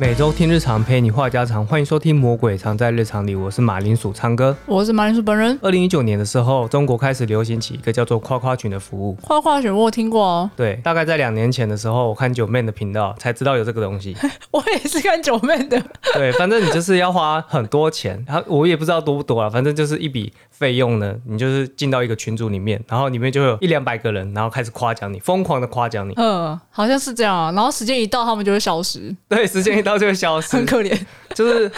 每周聽日常，陪你話家常，歡迎收聽《魔鬼藏在日常裡》。我是馬鈴薯昌哥，我是馬鈴薯本人。二零一九年的時候，中國開始流行起一個叫做誇誇群的服務。誇誇群我有聽過哦。對，大概在兩年前的時候，我看九妹的頻道才知道有這個東西。我也是看九妹的。對，反正你就是要花很多錢，然 後我也不知道多不多啊，反正就是一筆費用呢。你就是進到一個群組裡面，然後裡面就有一兩百個人，然後開始誇獎你，瘋狂的誇獎你。嗯，好像是這樣啊。然後時間一到，他們就會消失。對，時間一到。到這個小時，很可憐，就是。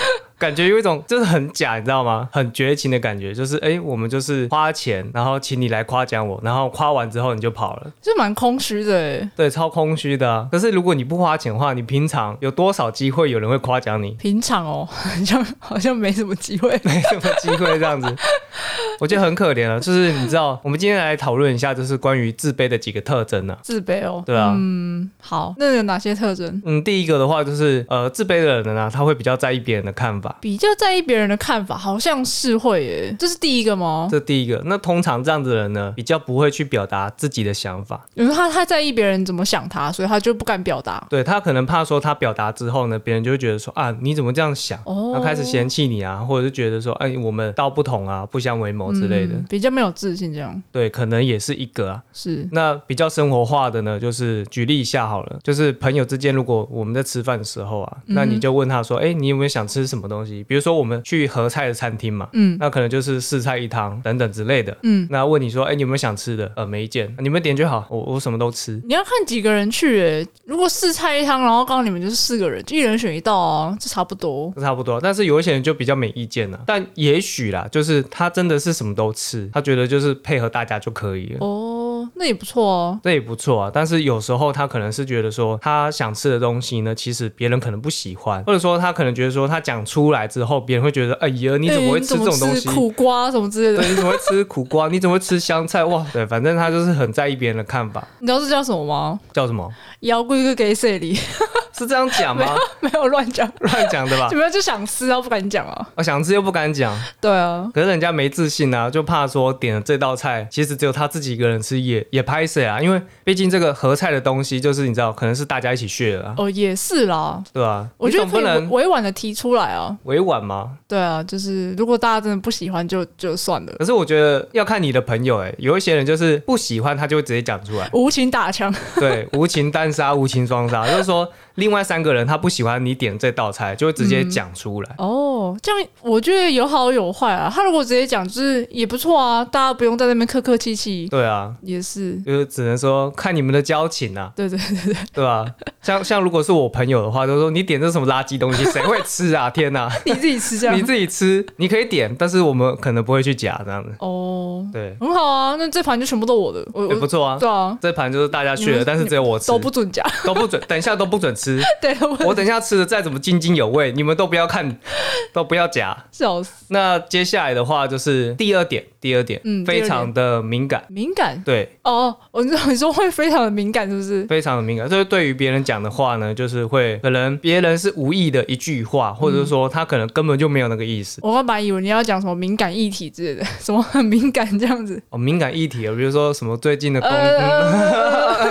感覺有一種就是很假，你知道嗎？很絕情的感覺，就是哎、欸，我們就是花錢，然後請你來誇獎我，然後誇完之後你就跑了，就蠻空虛的。對，超空虛的、啊。可是如果你不花錢的話，你平常有多少機會有人會誇獎你？平常哦，好像好像沒什麼機會，沒什麼機會這樣子， 我覺得很可憐啊，就是你知道，我們今天來討論一下，就是關於自卑的幾個特徵呢、啊？自卑哦，對啊。嗯，好，那有哪些特徵？嗯，第一個的話就是呃，自卑的人呢、啊，他會比較在意別人的看法。比較在意別人的看法，好像是會耶，這是第一個嗎？這是第一個，那通常這樣子的人呢，比較不會去表達自己的想法，有時候他太在意別人怎麼想他，所以他就不敢表達。對，他可能怕說他表達之後呢，別人就會覺得說啊，你怎麼這樣想？哦，他開始嫌棄你啊，或者是覺得說哎，我們道不同啊，不相為謀之類的，嗯，比較沒有自信這樣。對，可能也是一個啊。是，那比較生活化的呢，就是舉例一下好了，就是朋友之間，如果我們在吃飯的時候啊，那你就問他說，哎，你有沒有想吃什麼東西？東西，比如說我們去合菜的餐廳嘛，嗯，那可能就是四菜一湯等等之類的，嗯，那問你說，哎、欸，你有沒有想吃的？呃，沒意見，你們點就好，我我什麼都吃。你要看幾個人去、欸，哎，如果四菜一湯，然後剛好你們就是四個人，就一人選一道啊，這差不多。差不多，但是有一些人就比較沒意見啦，但也許啦，就是他真的是什麼都吃，他覺得就是配合大家就可以了。哦。那也不錯哦、啊，那也不錯啊。但是有時候他可能是覺得說，他想吃的東西呢，其實別人可能不喜歡，或者說他可能覺得說，他講出來之後，別人會覺得，哎呀，你怎麼會吃這種東西？哎、你怎麼吃苦瓜什麼之類的？對，你怎麼會吃苦瓜？ 你怎麼會吃香菜？哇，對，反正他就是很在意別人的看法。你知道這叫什麼嗎？叫什麼？妖龜哥給誰里是這樣講嗎？沒有亂講，亂講的吧？怎 麼就想吃啊，不敢講啊。我、哦、想吃又不敢講，對啊。可是人家沒自信啊，就怕說點了這道菜，其實只有他自己一個人吃，也也拍誰啊？因為畢竟這個合菜的東西，就是你知道，可能是大家一起學的。哦，也是啦，對啊，我覺得不能委婉的提出來啊。委婉嗎？對啊，就是如果大家真的不喜歡就，就就算了。可是我覺得要看你的朋友、欸，哎，有一些人就是不喜歡，他就會直接講出來，無情打槍， 對，無情單殺，無情雙殺， 就是說另。另外三個人他不喜歡你點這道菜，就會直接講出來、嗯。哦，這樣我覺得有好有壞啊。他如果直接講，就是也不錯啊，大家不用在那邊客客氣氣。對啊，也是，就是只能說看你們的交情吶、啊。對對對對，對啊。像像如果是我朋友的話，都說你點這什麼垃圾東西，誰會吃啊？ 天吶、啊，你自己吃這樣， 你自己吃，你可以點，但是我們可能不會去夾這樣子。哦，對，很好啊。那這盤就全部都我的，也不錯啊。對啊，這盤就是大家去的，但是只有我吃，都不准夾，都不准，等一下都不准吃。 對我等一下吃的再怎麼津津有味， 你們都不要看，都不要夾，笑死。那接下來的話就是第二點，第二點，嗯，非常的敏感，敏感，對，哦，哦，我知道你說會非常的敏感，是不是？非常的敏感，所以對於別人講的話呢，就是會可能別人是無意的一句話，或者說他可能根本就沒有那個意思。嗯、我原本以為你要講什麼敏感議題之類的，什麼很敏感這樣子哦，敏感議題，比如說什麼最近的公，呃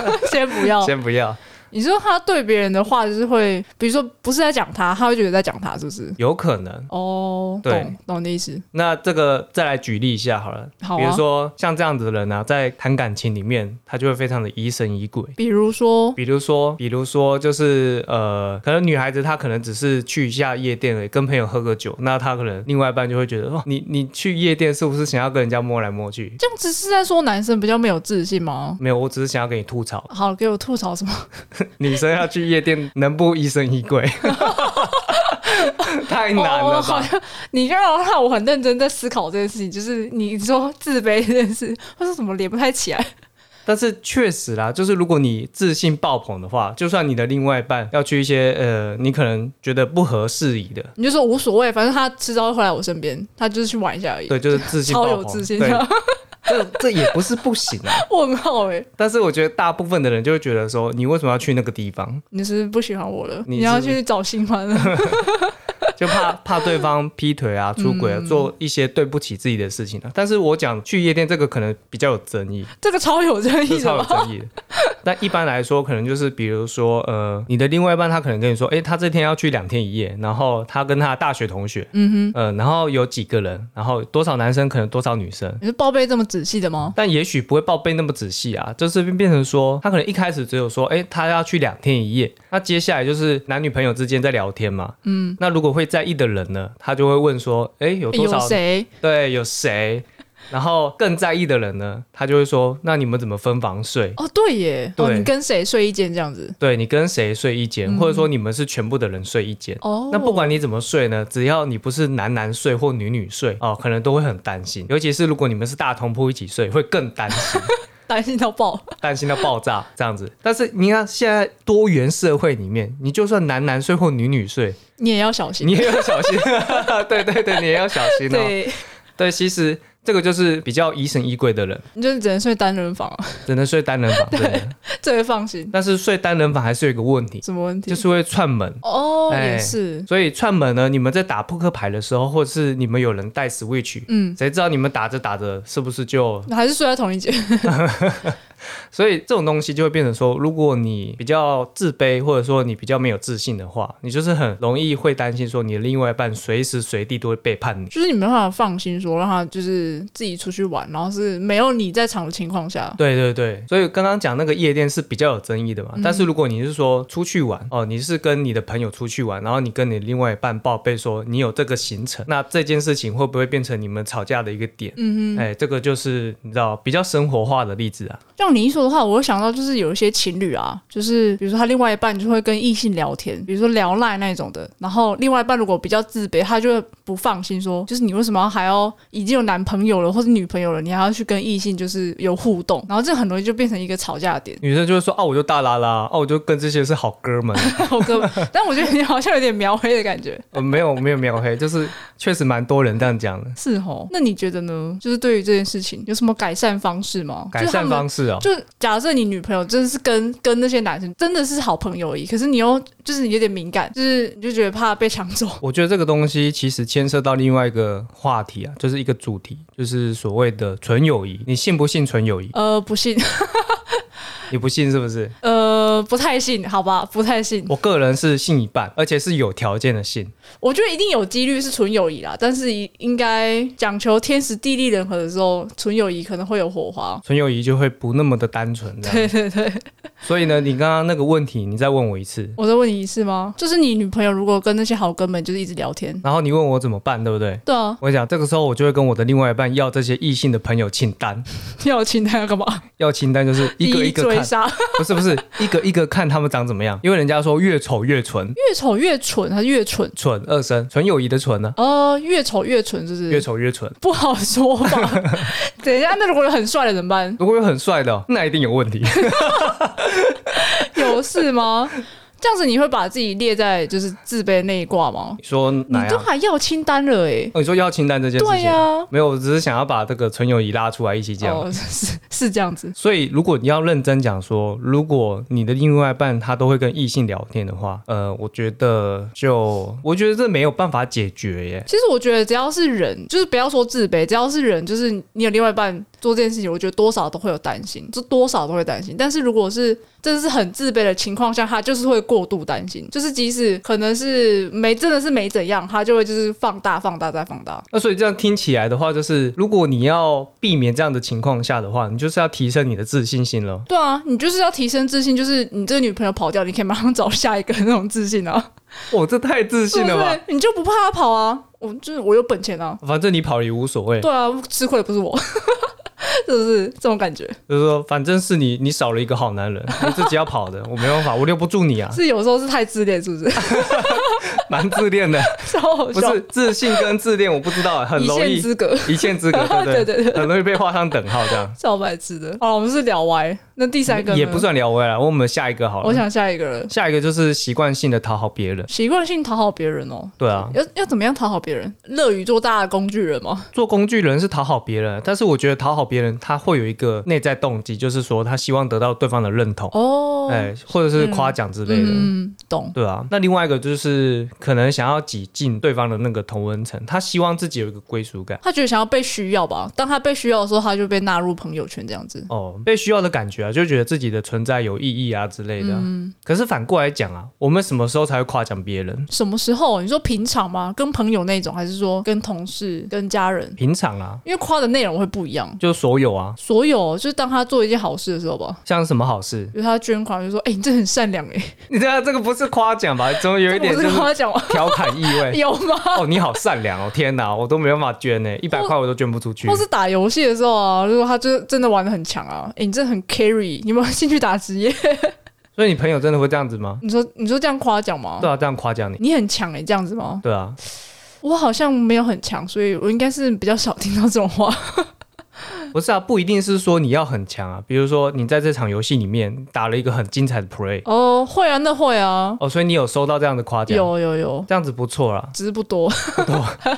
嗯、 先不要，先不要。你說他對別人的話就是會，比如說不是在講他，他會覺得在講他，是不是？有可能哦、oh，對，懂懂你的意思。那這個再來舉例一下好了，好啊、比如說像這樣子的人呢、啊，在談感情裡面，他就會非常的疑神疑鬼。比如說，比如說，比如說，就是呃，可能女孩子她可能只是去一下夜店而已，跟朋友喝個酒，那他可能另外一半就會覺得哦，你你去夜店是不是想要跟人家摸來摸去？這樣只是在說男生比較沒有自信嗎？沒有，我只是想要給你吐槽。好，給我吐槽什麼？ 女生要去夜店，能不疑神疑鬼？太難了吧、 哦哦好像！你就讓我看，我很認真在思考這件事情。就是你說自卑這件事，他說怎麼連不太起來？但是確實啦，就是如果你自信爆棚的話，就算你的另外一半要去一些呃，你可能覺得不合適宜的，你就說無所謂，反正他遲早會回來我身邊。他就是去玩一下而已。對，就是自信爆棚，好、哦、有自信。 這，這也不是不行啊， 我靠哎、欸！但是我覺得大部分的人就會覺得說，你為什麼要去那個地方？你是不喜歡我了，你，你要去找新歡了。 就怕怕對方劈腿啊、出軌啊、嗯，做一些對不起自己的事情了、啊。但是我講去夜店這個可能比較有爭議，這個超有爭議的，就是、超有爭議。但 一般來說，可能就是比如說，呃，你的另外一半他可能跟你說，哎、欸，他這天要去兩天一夜，然後他跟他大學同學，嗯哼，嗯、呃，然後有幾個人，然後多少男生可能多少女生，你是報備這麼仔細的嗎？但也許不會報備那麼仔細啊，就是變成說，他可能一開始只有說，哎、欸，他要去兩天一夜，那接下來就是男女朋友之間在聊天嘛，嗯，那如果會。在意的人呢，他就會問說：“哎、欸，有多少？有誰？對，有誰？”然後更在意的人呢，他就會說：“那你們怎麼分房睡？”哦，對耶，對，哦、你跟誰睡一間這樣子？對，你跟誰睡一間、嗯，或者說你們是全部的人睡一間？哦，那不管你怎麼睡呢，只要你不是男男睡或女女睡，哦，可能都會很擔心。尤其是如果你們是大通鋪一起睡，會更擔心。 擔心到爆，擔心到爆炸這樣子。但是你看，現在多元社會裡面，你就算男男睡或女女睡，你也要小心，你也要小心。 對對對，你也要小心哦、喔。對對，其實。這個就是比較疑神疑鬼的人，你就只能睡單人房，啊，只能睡單人房， 對，對，最會放心。但是睡單人房還是有一個問題，什麼問題？就是會串門哦、欸，也是。所以串門呢，你們在打撲克牌的時候，或者是你們有人帶 Switch，嗯，誰知道你們打着打着是不是就還是睡在同一間？ 所以這種東西就會變成說，如果你比較自卑，或者說你比較沒有自信的話，你就是很容易會擔心說，你的另外一半隨時隨地都會背叛你，就是你沒辦法放心說，讓他就是自己出去玩，然後是沒有你在場的情況下。對對對，所以剛剛講那個夜店是比較有爭議的嘛，但是如果你是說出去玩、嗯、哦，你是跟你的朋友出去玩，然後你跟你另外一半報備說你有這個行程，那這件事情會不會變成你們吵架的一個點？嗯嗯，哎，這個就是你知道比較生活化的例子啊。你一說的話，我會想到就是有一些情侶啊，就是比如說他另外一半就會跟異性聊天，比如說聊賴那種的。然後另外一半如果比較自卑，他就會不放心說，就是你為什麼還要已經有男朋友了或者女朋友了，你還要去跟異性就是有互動？然後這很容易就變成一個吵架點。女生就會說啊，我就大啦啦哦，我就跟這些是好哥們， 好哥們。 但我覺得你好像有點描黑的感覺。嗯，沒有沒有描黑，就是確實蠻多人這樣講的，是哦。那你覺得呢？就是對於這件事情有什麼改善方式嗎？改善方式啊、哦。就是就假設你女朋友真的是跟跟那些男生真的是好朋友而已，可是你又就是你有點敏感，就是你就覺得怕被搶走。我覺得這個東西其實牽涉到另外一個話題啊，就是一個主題，就是所謂的純友誼，你信不信純友誼？呃，不信。 你不信是不是？呃，不太信，好吧，不太信。我個人是信一半，而且是有條件的信。我覺得一定有幾率是純友誼啦，但是應該講求天時地利人和的時候，純友誼可能會有火花。純友誼就會不那麼的單純。對對對。所以呢，你剛剛那個問題，你再問我一次。我再問你一次嗎？就是你女朋友如果跟那些好哥們就是一直聊天，然後你問我怎麼辦，對不對？對啊。我跟你講，這個時候我就會跟我的另外一半要這些異性的朋友清單。要清單要幹嘛？要清單就是一個一。追殺，不是不是，一個一個看他們長怎麼樣，因為人家說越醜越純，越醜越蠢還是越蠢蠢二聲純友誼的純呢、啊？哦、呃，越醜越蠢是不是越醜越蠢，不好說吧？ 等一下，那如果有很帥的怎麼辦？如果有很帥的，喔，那一定有問題， 有事嗎？ 這樣子你會把自己列在就是自卑那一掛嗎？你說你都還要清單了哎、欸哦，你說要清單這件事情，對呀、啊，沒有，我只是想要把這個純友誼拉出來一起講、哦，是是這樣子。所以如果你要認真講說，如果你的另外一半他都會跟異性聊天的話，呃，我覺得就我覺得這沒有辦法解決耶、欸。其實我覺得只要是人，就是不要說自卑，只要是人，就是你有另外一半做這件事情，我覺得多少都會有擔心，就多少都會擔心。但是如果是真的是很自卑的情況下，他就是會。過度擔心，就是即使可能是沒真的是沒怎樣，他就會就是放大放大再放大。那、啊、所以這樣聽起來的話，就是如果你要避免這樣的情況下的話，你就是要提升你的自信心了。對啊，你就是要提升自信，就是你這個女朋友跑掉，你可以馬上找下一個那種自信啊。哇，這太自信了吧，就是！你就不怕他跑啊？我就是我有本錢啊，反正你跑了也無所謂。對啊，吃虧的不是我。 是不是這種感覺？就是說，反正是你，你少了一個好男人，你自己要跑的， 我沒辦法，我留不住你啊。是有時候是太自戀，是不是？蠻 自戀的超好笑，不是自信跟自戀，我不知道，很容易一線資格，一線資格。對對對，對， 對對對，很容易被畫上等號這樣。小白癡的哦，我們是聊歪。那第三個也不算聊歪了，我，問我們下一個好了。我想下一個，下一個就是習慣性的討好別人，習慣性討好別人哦。對啊，要要怎麼樣討好別人？樂於做大的工具人嗎？做工具人是討好別人，但是我覺得討好別人，他會有一個內在動機，就是說他希望得到對方的認同哦，哎、欸，或者是誇獎之類的，嗯嗯、懂。對啊，那另外一個就是可能想要擠進對方的那個同溫層，他希望自己有一個歸屬感，他覺得想要被需要吧。當他被需要的時候，他就被納入朋友圈這樣子哦，被需要的感覺、啊。我就覺得自己的存在有意義啊之類的、啊。嗯。可是反過來講啊，我們什麼時候才會誇獎別人？什麼時候？你說平常嗎？跟朋友那種，還是說跟同事、跟家人？平常啊，因為誇的內容會不一樣。就所有啊，所有就是當他做一件好事的時候吧。像什麼好事？比如他捐款，就說：“哎、欸，你這很善良哎、欸。”你知道、啊、這個不是誇獎吧？怎麼有一點就是誇獎？調侃意味 有嗎？哦，你好善良哦！天哪、啊，我都沒有辦法捐呢、欸，一百塊我都捐不出去。或，或是打遊戲的時候啊，如果他就真的玩得很強啊，哎、欸，你這很 care。你有沒有興趣打職業， 所以你朋友真的會這樣子嗎？你說你說這樣誇獎嗎？對啊，這樣誇獎你，你很強哎、欸，這樣子嗎？對啊，我好像沒有很強，所以我應該是比較少聽到這種話。 不是啊，不一定是說你要很強啊，比如說你在這場遊戲裡面打了一個很精彩的 play 哦，oh, 會啊，那會啊，哦、oh,，所以你有收到這樣的誇獎？有有有，這樣子不錯了，只是不多不多。 不多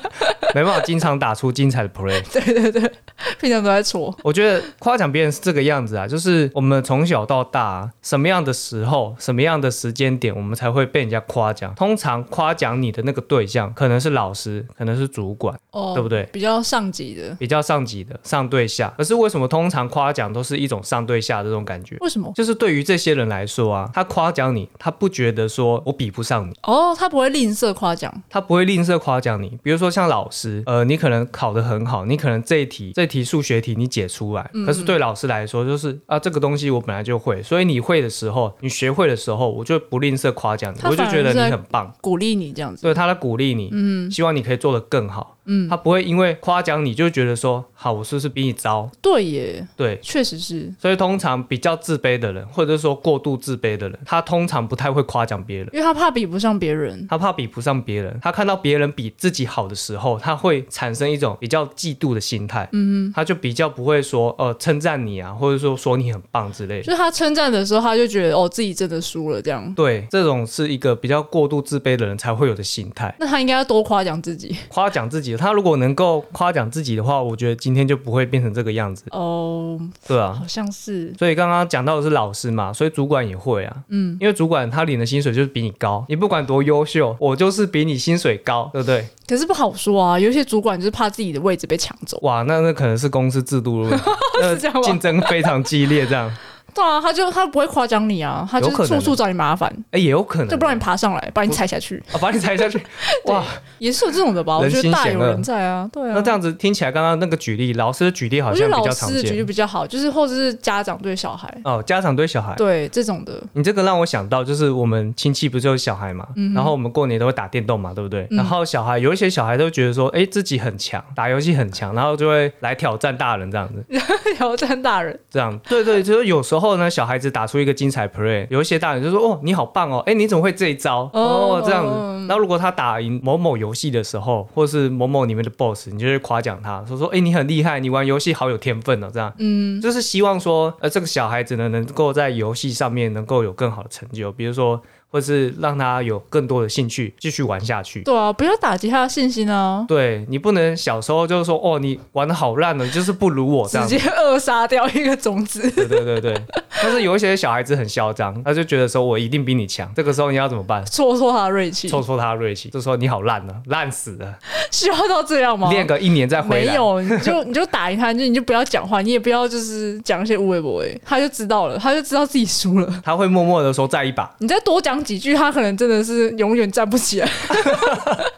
沒辦法經常打出精彩的 play。 對對對，平常都在搓。我覺得誇獎別人是這個樣子啊，就是我們從小到大、啊，什麼樣的時候、什麼樣的時間點，我們才會被人家誇獎？通常誇獎你的那個對象，可能是老師，可能是主管，哦、對不對？比較上級的，比較上級的上對下。可是為什麼通常誇獎都是一種上對下的這種感覺？為什麼？就是對於這些人來說啊，他誇獎你，他不覺得說我比不上你。哦，他不會吝嗇誇獎。他不會吝嗇誇獎你。比如說像老師。呃，你可能考得很好，你可能這一題、這題數學題你解出來、嗯，可是對老師來說就是啊，這個東西我本來就會，所以你會的時候，你學會的時候，我就不吝嗇誇獎，我就覺得你很棒，他鼓勵你這樣子，對，他在鼓勵你，嗯，希望你可以做得更好。嗯嗯，他不會因為誇獎你就覺得說好，我是不是比你糟？對耶，對，確實是。所以通常比較自卑的人，或者說過度自卑的人，他通常不太會誇獎別人，因為他怕比不上別人，他怕比不上別人。他看到別人比自己好的時候，他會產生一種比較嫉妒的心態。嗯嗯，他就比較不會說呃稱讚你啊，或者說說你很棒之類的。就他稱讚的時候，他就覺得哦自己真的輸了這樣。對，這種是一個比較過度自卑的人才會有的心態。那他應該要多誇獎自己，誇獎自己。他如果能夠誇獎自己的話，我覺得今天就不會變成這個樣子哦。Oh, 對啊，好像是。所以剛剛講到的是老師嘛，所以主管也會啊。嗯，因為主管他領的薪水就是比你高，你不管多優秀，我就是比你薪水高，對不對？可是不好說啊，有一些主管就是怕自己的位置被搶走。哇，那那可能是公司制度，競 爭非常激烈這樣。對啊，他就他不會誇獎你啊，他就是處處找你麻煩。哎、欸，也有可能就不讓你爬上來，把你踩下去， 哦、把你踩下去。哇，也是有這種的吧？我覺得大有人在啊。對啊。那這樣子聽起來，剛剛那個舉例，老師的舉例好像比較常見，我覺得老師的舉例比較好，就是或者是家長對小孩哦，家長對小孩對這種的，你這個讓我想到就是我們親戚不是有小孩嘛、嗯，然後我們過年都會打電動嘛，對不對？嗯、然後小孩有一些小孩都覺得說，哎、欸，自己很強，打遊戲很強，然後就會來挑戰大人這樣子， 挑戰大人這樣，對，對對，就是有時候。然後呢？小孩子打出一個精彩 play 有一些大人就說：“哦，你好棒哦！哎，你怎麼會這一招？Oh、哦，這樣子。那如果他打贏某某遊戲的時候，或是某某裡面的 boss，你就會誇獎他說,說：說哎，你很厲害，你玩遊戲好有天分哦。這樣，嗯、mm.，就是希望說，呃，這個小孩子呢，能夠在遊戲上面能夠有更好的成就，比如說。”或是讓他有更多的興趣繼續玩下去。對啊，不要打擊他的信心啊！對，你不能小時候就是說哦，你玩的好爛了，你就是不如我，這樣。直接扼殺掉一個種子。對對對對。 但是有一些小孩子很囂張，他就覺得說，我一定比你強。這個時候你要怎麼辦？挫挫他的銳氣，挫挫他的銳氣，就說你好爛呢、啊，爛死了，需要到這樣嗎？練個一年再回來。沒有，你就你就打贏他，你就你就不要講話，你也不要就是講一些烏龜不誒，他就知道了，他就知道自己輸了。他會默默的說再一把。你再多講。幾句，他可能真的是永遠站不起來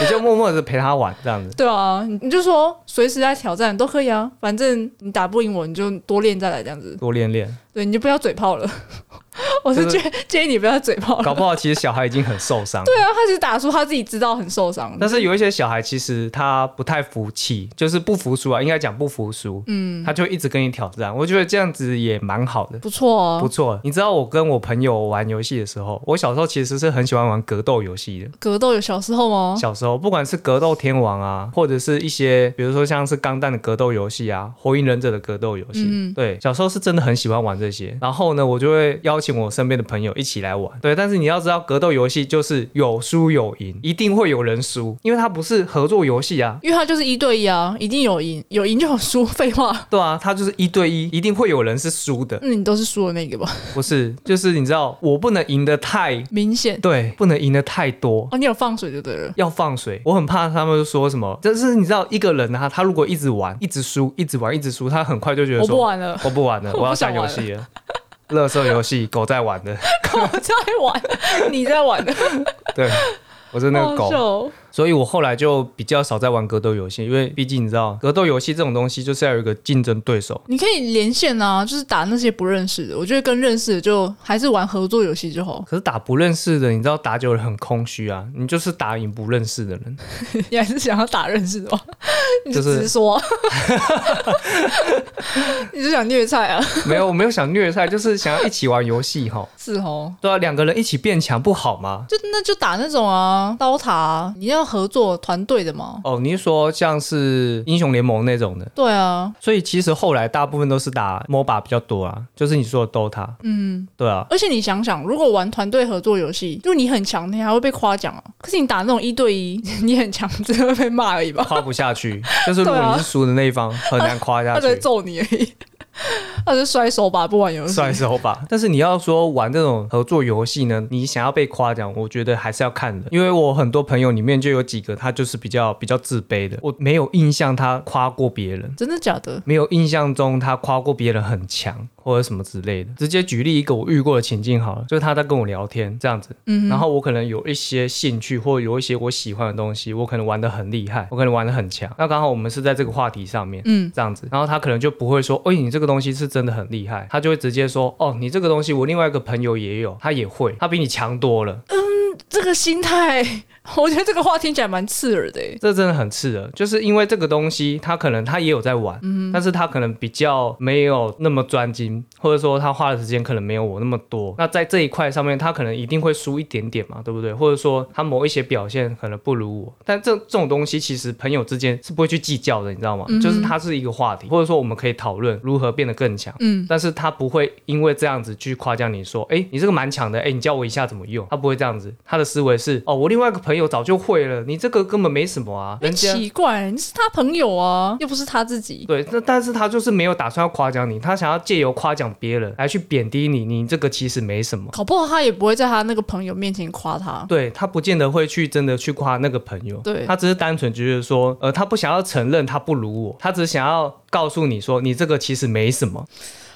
你就默默的陪他玩這樣子 。對啊，你就說隨時來挑戰都可以啊，反正你打不贏我，你就多練再來這樣子，多練練。對，你就不要嘴炮了。 我是覺得建議你不要嘴炮，搞不好其實小孩已經很受傷。 對啊，他只是打輸他自己知道很受傷。但是有一些小孩其實他不太服氣，就是不服輸啊，應該講不服輸。嗯，他就一直跟你挑戰。我覺得這樣子也蠻好的，不錯哦，不錯。你知道我跟我朋友玩遊戲的時候，我小時候其實是很喜歡玩格鬥遊戲的。格鬥有小時候嗎？小時候不管是格鬥天王啊，或者是一些比如說像是《鋼彈》的格鬥遊戲啊，《火影忍者》的格鬥遊戲，嗯，對，小時候是真的很喜歡玩這些。然後呢，我就會邀請我身邊的朋友一起來玩，對，但是你要知道，格鬥遊戲就是有輸有贏，一定會有人輸，因為它不是合作遊戲啊，因為它就是一對一啊，一定有贏，有贏就好輸，廢話。對啊，它就是一對一，一定會有人是輸的。那、嗯、你都是輸的那個吧？不是，就是你知道，我不能贏得太明顯，對，不能贏得太多啊、哦。你有放水就對了，要放水，我很怕他們就說什麼，就是你知道，一個人啊，他如果一直玩，一直輸，一直玩，一直輸，他很快就覺得說我不玩了，我不玩了，我要下遊戲了。樂色遊戲，狗在玩的，狗在玩， 你在玩的，對，我是那個狗。好好所以我後來就比較少在玩格鬥遊戲，因為畢竟你知道，格鬥遊戲這種東西就是要有一個競爭對手。你可以連線啊，就是打那些不認識的。我覺得跟認識的就還是玩合作遊戲就好。可是打不認識的，你知道打久了很空虛啊。你就是打贏不認識的人， 你還是想要打認識的嗎？你就直說，就是、 你就想虐菜啊 ？沒有，我沒有想虐菜，就是想要一起玩遊戲哈。是哦，對啊，兩個人一起變強不好嗎？就那就打那種啊，刀塔啊，你要。合作團隊的嗎？哦，你是說像是英雄聯盟那種的？對啊，所以其實後來大部分都是打 MOBA 比較多啊，就是你說的 DOTA。嗯，對啊，而且你想想，如果玩團隊合作遊戲，就你很強，你還會被誇獎啊。可是你打那種一對一，你很強只會被罵而已吧？誇不下去，就是如果你是輸的那一方， 啊、很難誇下去， 他只會揍你而已。他是甩手吧，不玩遊戲。甩手吧。但是你要說玩這種合作遊戲呢，你想要被誇獎，我覺得還是要看的，因為我很多朋友裡面就有幾個，他就是比較比較自卑的。我沒有印象他誇過別人，真的假的？沒有印象中他誇過別人很強或者什麼之類的。直接舉例一個我遇過的情境好了，就是他在跟我聊天這樣子，嗯，然後我可能有一些興趣或者有一些我喜歡的東西，我可能玩得很厲害，我可能玩得很強。那剛好我們是在這個話題上面，嗯，這樣子，然後他可能就不會說，哎、欸，你這個東西是。真的很厲害，他就會直接說：“哦，你這個東西，我另外一個朋友也有，他也會，他比你強多了。”嗯，這個心態。我覺得這個話聽起來蠻刺耳的，哎，這真的很刺耳，就是因為這個東西，他可能他也有在玩，嗯嗯，但是他可能比較沒有那麼專精，或者說他花的時間可能沒有我那麼多。那在這一塊上面，他可能一定會輸一點點嘛，對不對？或者說他某一些表現可能不如我，但這這種東西其實朋友之間是不會去計較的，你知道嗎？嗯嗯。就是它是一個話題，或者說我們可以討論如何變得更強。嗯，但是他不會因為這樣子去誇獎你說，哎，你這個蠻強的，哎，你教我一下怎麼用。他不會這樣子，他的思維是，哦，我另外一個朋友沒有早就會了，你這個根本沒什麼啊人家！奇怪，你是他朋友啊，又不是他自己。對，但是他就是沒有打算要誇獎你，他想要借由誇獎別人來去貶低你。你這個其實沒什麼。搞不好他也不會在他那個朋友面前誇他。對，他不見得會去真的去誇那個朋友。對，他只是單純覺得說，呃，他不想要承認他不如我，他只想要告訴你說，你這個其實沒什麼。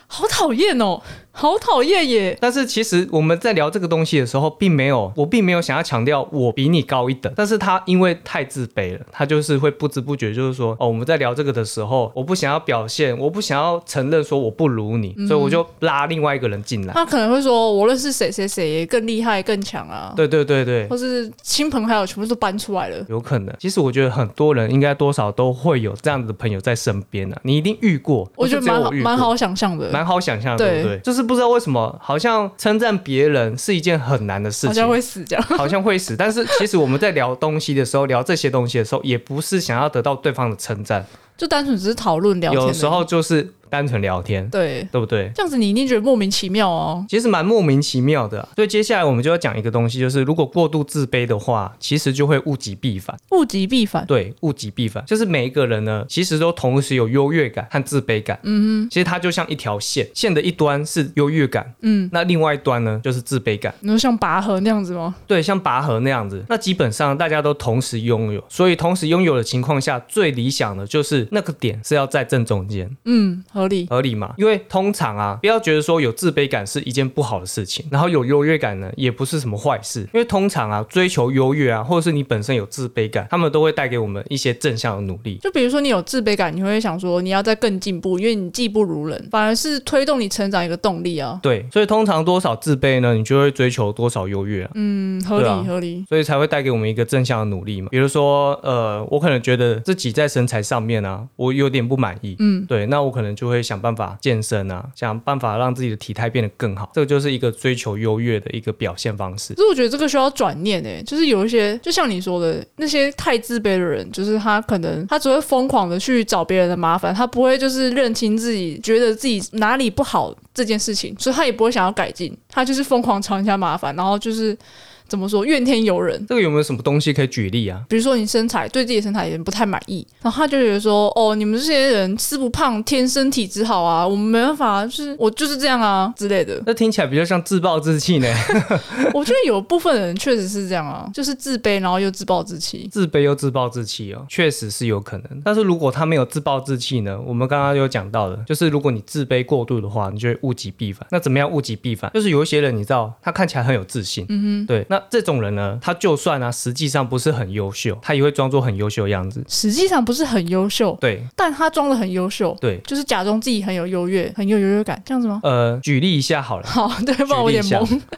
好討厭哦，好討厭耶！但是其實我們在聊這個東西的時候，並沒有，我並沒有想要強調我比你高一等。但是他因為太自卑了，他就是會不知不覺就是說哦，我們在聊這個的時候，我不想要表現，我不想要承認說我不如你，嗯、所以我就拉另外一個人進來。他可能會說，無論是誰誰誰更厲害更強啊。對對對對，或是親朋好友全部都搬出來了，有可能。其實我覺得很多人應該多少都會有這樣子的朋友在身邊呢、啊，你一定遇過，或者只有我遇過，我覺得蠻好蠻好想象的。蠻好想象，對不對？就是不知道為什麼，好像稱讚別人是一件很難的事情，好像會死這樣 好像會死。但是其實我們在聊東西的時候， 聊這些東西的時候，也不是想要得到對方的稱讚，就單純只是討論聊天。有時候就是。單純聊天，對，對不對？這樣子你一定覺得莫名其妙哦。其實蠻莫名其妙的啊。所以接下來我們就要講一個東西，就是如果過度自卑的話，其實就會物極必反。物極必反，對，物極必反，就是每一個人呢，其實都同時有優越感和自卑感。嗯嗯。其實它就像一條線，線的一端是優越感，嗯，那另外一端呢就是自卑感。嗯，那像拔河那樣子嗎？對，像拔河那樣子。那基本上大家都同時擁有，所以同時擁有的情況下，最理想的就是那個點是要在正中間。嗯。合理合理嘛，因為通常啊，不要覺得說有自卑感是一件不好的事情，然後有優越感呢，也不是什麼壞事。因為通常啊，追求優越啊，或者是你本身有自卑感，他們都會帶給我們一些正向的努力。就比如說你有自卑感，你會想說你要再更進步，因為你技不如人，反而是推動你成長一個動力啊。對，所以通常多少自卑呢，你就會追求多少優越啊。嗯，合理，啊，合理，所以才會帶給我們一個正向的努力嘛。比如說，呃，我可能覺得自己在身材上面啊，我有點不滿意。嗯，對，那我可能就。就會想辦法健身啊，想辦法讓自己的體態變得更好，這個就是一個追求優越的一個表現方式。所以我覺得這個需要轉念哎、欸，就是有一些，就像你說的，那些太自卑的人，就是他可能他只會瘋狂的去找別人的麻煩，他不會就是認清自己，覺得自己哪裡不好這件事情，所以他也不會想要改進，他就是瘋狂找人家麻煩，然後就是。怎麼說怨天尤人，這個有沒有什麼東西可以舉例啊？比如說你身材對自己身材也不太滿意，然後他就覺得說：“哦，你們這些人吃不胖，天生體質好啊，我們沒辦法，就是我就是這樣啊之類的。”那聽起來比較像自暴自棄呢。 我覺得有部分的人確實是這樣啊，就是自卑，然後又自暴自棄。自卑又自暴自棄哦，確實是有可能。但是如果他沒有自暴自棄呢？我們剛剛有講到的，就是如果你自卑過度的話，你就會物極必反。那怎麼樣物極必反？就是有一些人你知道，他看起來很有自信，嗯哼，對，那。這種人呢，他就算啊，實際上不是很優秀，他也會裝作很優秀的樣子。實際上不是很優秀，對，但他裝得很優秀，對，就是假裝自己很有優越，很有優越感，這樣子嗎？呃，舉例一下好了。好，對吧，把我也懵。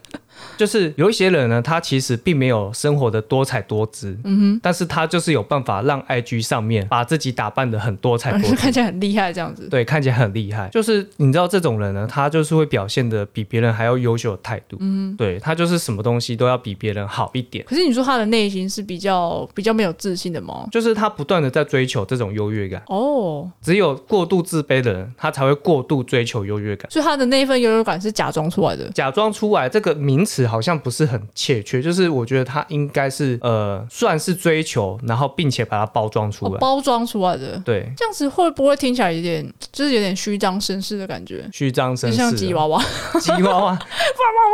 就是有一些人呢，他其實並沒有生活的多彩多姿，嗯哼，但是他就是有辦法讓 IG 上面把自己打扮的很多彩多姿，嗯、就是、看起來很厲害這樣子，對，看起來很厲害。就是你知道這種人呢，他就是會表現的比別人還要優秀的態度，嗯，對他就是什麼東西都要比別人好一點。可是你說他的內心是比較比較沒有自信的嗎？就是他不斷的在追求這種優越感，哦，只有過度自卑的人，他才會過度追求優越感，所以他的那一份優越感是假裝出來的，假裝出來這個名。好像不是很欠缺，就是我覺得它應該是呃，算是追求，然後並且把它包裝出來。哦，包裝出來的，對，這樣子會不會聽起來有點，就是有點虛張聲勢的感覺，虛張聲勢，像吉娃娃，吉娃娃，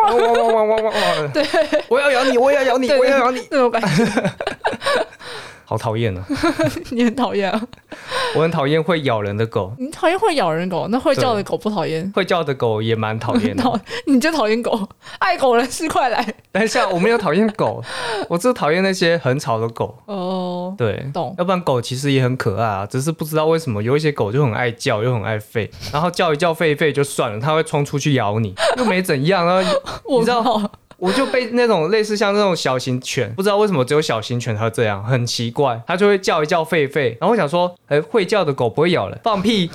汪汪汪汪汪汪汪汪， 對，我要咬你，我要咬你， 我要咬你，那種感覺。好討厭啊！ 你很討厭啊！我很討厭會咬人的狗。你討厭會咬人的狗，那會叫的狗不討厭？會叫的狗也蠻討厭的。 你就討厭狗，愛狗人士快來！等一下，我沒有討厭狗， 我只討厭那些很吵的狗。哦，對，懂。要不然狗其實也很可愛啊，只是不知道為什麼有一些狗就很愛叫，又很愛吠，然後叫一叫吠一吠就算了，它會衝出去咬你，又沒怎樣，然後我你知道 我就被那種類似像那種小型犬，不知道為什麼只有小型犬它這樣，很奇怪，它就會叫一叫吠吠，然後我想說，哎、欸，會叫的狗不會咬了，放屁，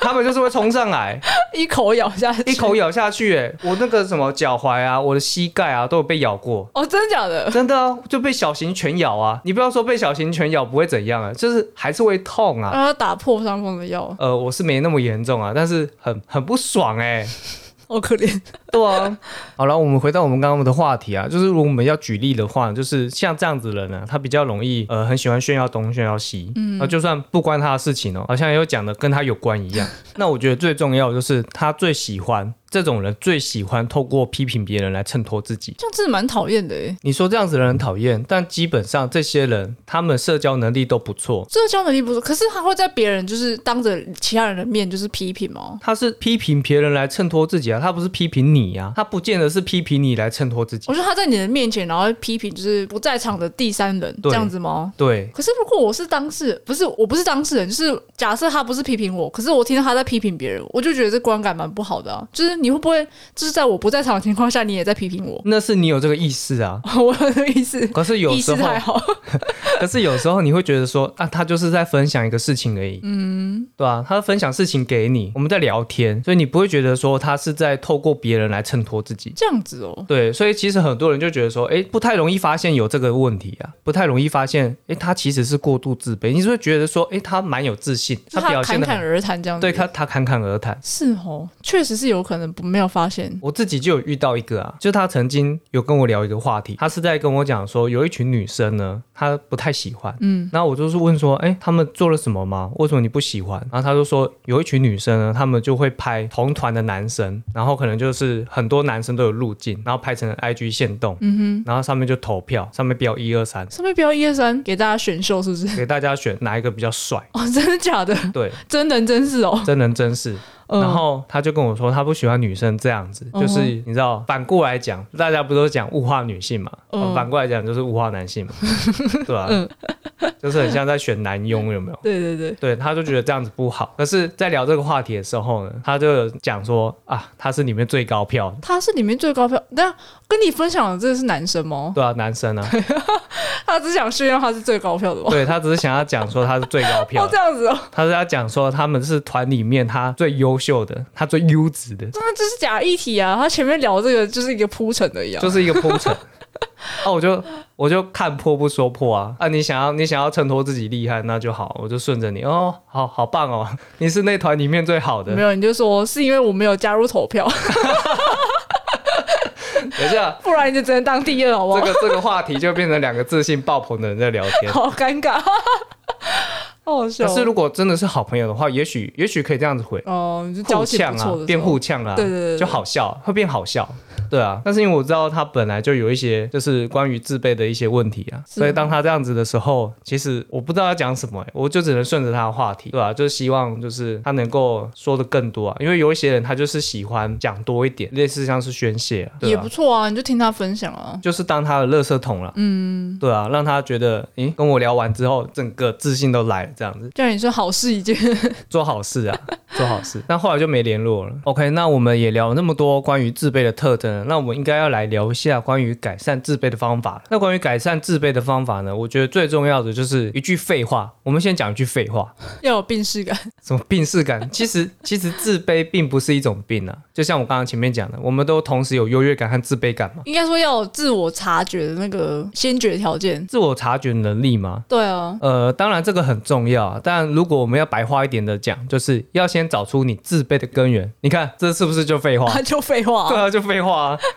它 們就是會衝上來， 一口咬下，去，一口咬下去、欸，哎，我那個什麼腳踝啊，我的膝蓋啊，都有被咬過， 哦，真的假的？真的啊，就被小型犬咬啊，你不要說被小型犬咬不會怎樣啊，就是還是會痛啊，要、啊、打破傷風的藥，呃，我是沒那麼嚴重啊，但是很很不爽哎、欸， 好可憐。對啊，好了，我們回到我們剛剛的話題啊，就是如果我們要舉例的話，就是像這樣子的人呢、啊，他比較容易呃，很喜歡炫耀東炫耀西，嗯啊，就算不關他的事情哦、喔，好像也有講的跟他有關一樣。 那我覺得最重要就是他最喜歡這種人，最喜歡透過批評別人來襯托自己，這樣真的蠻討厭的哎。你說這樣子的人很討厭，但基本上這些人他們社交能力都不錯，社交能力不錯，可是他會在別人就是當着其他人的面就是批評嗎？他是批評別人來襯托自己啊，他不是批評你。你呀、啊，他不見得是批評你來襯托自己。我覺得他在你的面前，然後批評就是不在場的第三人這樣子嗎？對。對可是如果我是當事人，不是我不是當事人，就是假設他不是批評我，可是我聽到他在批評別人，我就覺得這觀感蠻不好的、啊、就是你會不會就是在我不在場的情況下，你也在批評我？那是你有這個意思啊， 我有這個意思。可是有時候還好， 可是有時候你會覺得說啊，他就是在分享一個事情而已，嗯，對啊，他分享事情給你，我們在聊天，所以你不會覺得說他是在透過別人。來襯托自己這樣子哦，對，所以其實很多人就覺得說，哎、欸，不太容易發現有這個問題啊，不太容易發現，哎、欸，他其實是過度自卑。你是不是覺得說，哎、欸，他蠻有自信，就是、他表現的侃侃而談這樣子？對他，他侃侃而談是哦，確實是有可能不，沒有發現。我自己就有遇到一個啊，就他曾經有跟我聊一個話題，他是在跟我講說，有一群女生呢，他不太喜歡，嗯，然後我就是問說，哎、欸，他們做了什麼嗎？為什麼你不喜歡？然後他就說，有一群女生呢，他們就會拍同團的男生，然後可能就是。很多男生都有入鏡，然後拍成 IG 限動、嗯，然後上面就投票，上面標一二三，上面標一二三，給大家選秀是不是？給大家選哪一個比較帥？哦，真的假的？對，真人真事哦，真人真事。嗯、然後他就跟我說，他不喜歡女生這樣子，嗯、就是你知道，反過來講，大家不都講物化女性嘛、嗯哦？反過來講就是物化男性嘛，嗯、 對吧、啊嗯？就是很像在選男傭，有沒有？對對對，對，他就覺得這樣子不好。但是，在聊這個話題的時候呢，他就講說啊，他是裡面最高票，他是裡面最高票，那。跟你分享的真的是男生嗎？對啊，男生啊， 他只想炫耀他是最高票的吧？對他只是想要講說他是最高票，哦 這樣子哦、喔，他是要講說他們是團裡面他最優秀的，他最優質的，那這是假議題啊！他前面聊這個就是一個鋪陳的，一樣，就是一個鋪陳。哦、 啊，我就我就看破不說破啊！啊，你想要你想要襯托自己厲害，那就好，我就順着你哦，好好棒哦，你是那團裡面最好的。沒有，你就說是因為我沒有加入投票。 等一下，不然你就只能當第二，好不好？這個這個話題就變成兩個自信爆棚的人在聊天， 好尷尬。可是如果真的是好朋友的話，也許也許可以這樣子回哦，互嗆啊，變互嗆啊，對對對，就好笑、啊，會變好笑、啊，對啊。但是因為我知道他本來就有一些就是關於自卑的一些問題啊，所以當他這樣子的時候，其實我不知道要講什麼、欸，我就只能順着他的話題，對啊，就是希望就是他能夠說得更多啊，因為有一些人他就是喜歡講多一點，類似像是宣洩、啊啊，也不錯啊，你就聽他分享啊，就是當他的垃圾桶了，嗯，對啊，讓他覺得，誒、欸，跟我聊完之後，整個自信都來了。這樣子，叫你說好事一件，做好事啊，做好事。但後來就沒聯絡了。OK，那我們也聊了那麼多關於自卑的特徵，那我們應該要來聊一下關於改善自卑的方法。那關於改善自卑的方法呢？我覺得最重要的就是一句廢話。我們先講一句廢話，要有病識感。什麼病識感？其實其實自卑並不是一種病啊。就像我剛剛前面講的，我們都同時有優越感和自卑感嘛。應該說要有自我察覺的那個先決條件，自我察覺能力嘛。對啊，呃，當然這個很重要。重要，但如果我們要白話一點的講，就是要先找出你自卑的根源。你看，這是不是就廢話？就廢話，對啊，就廢話。啊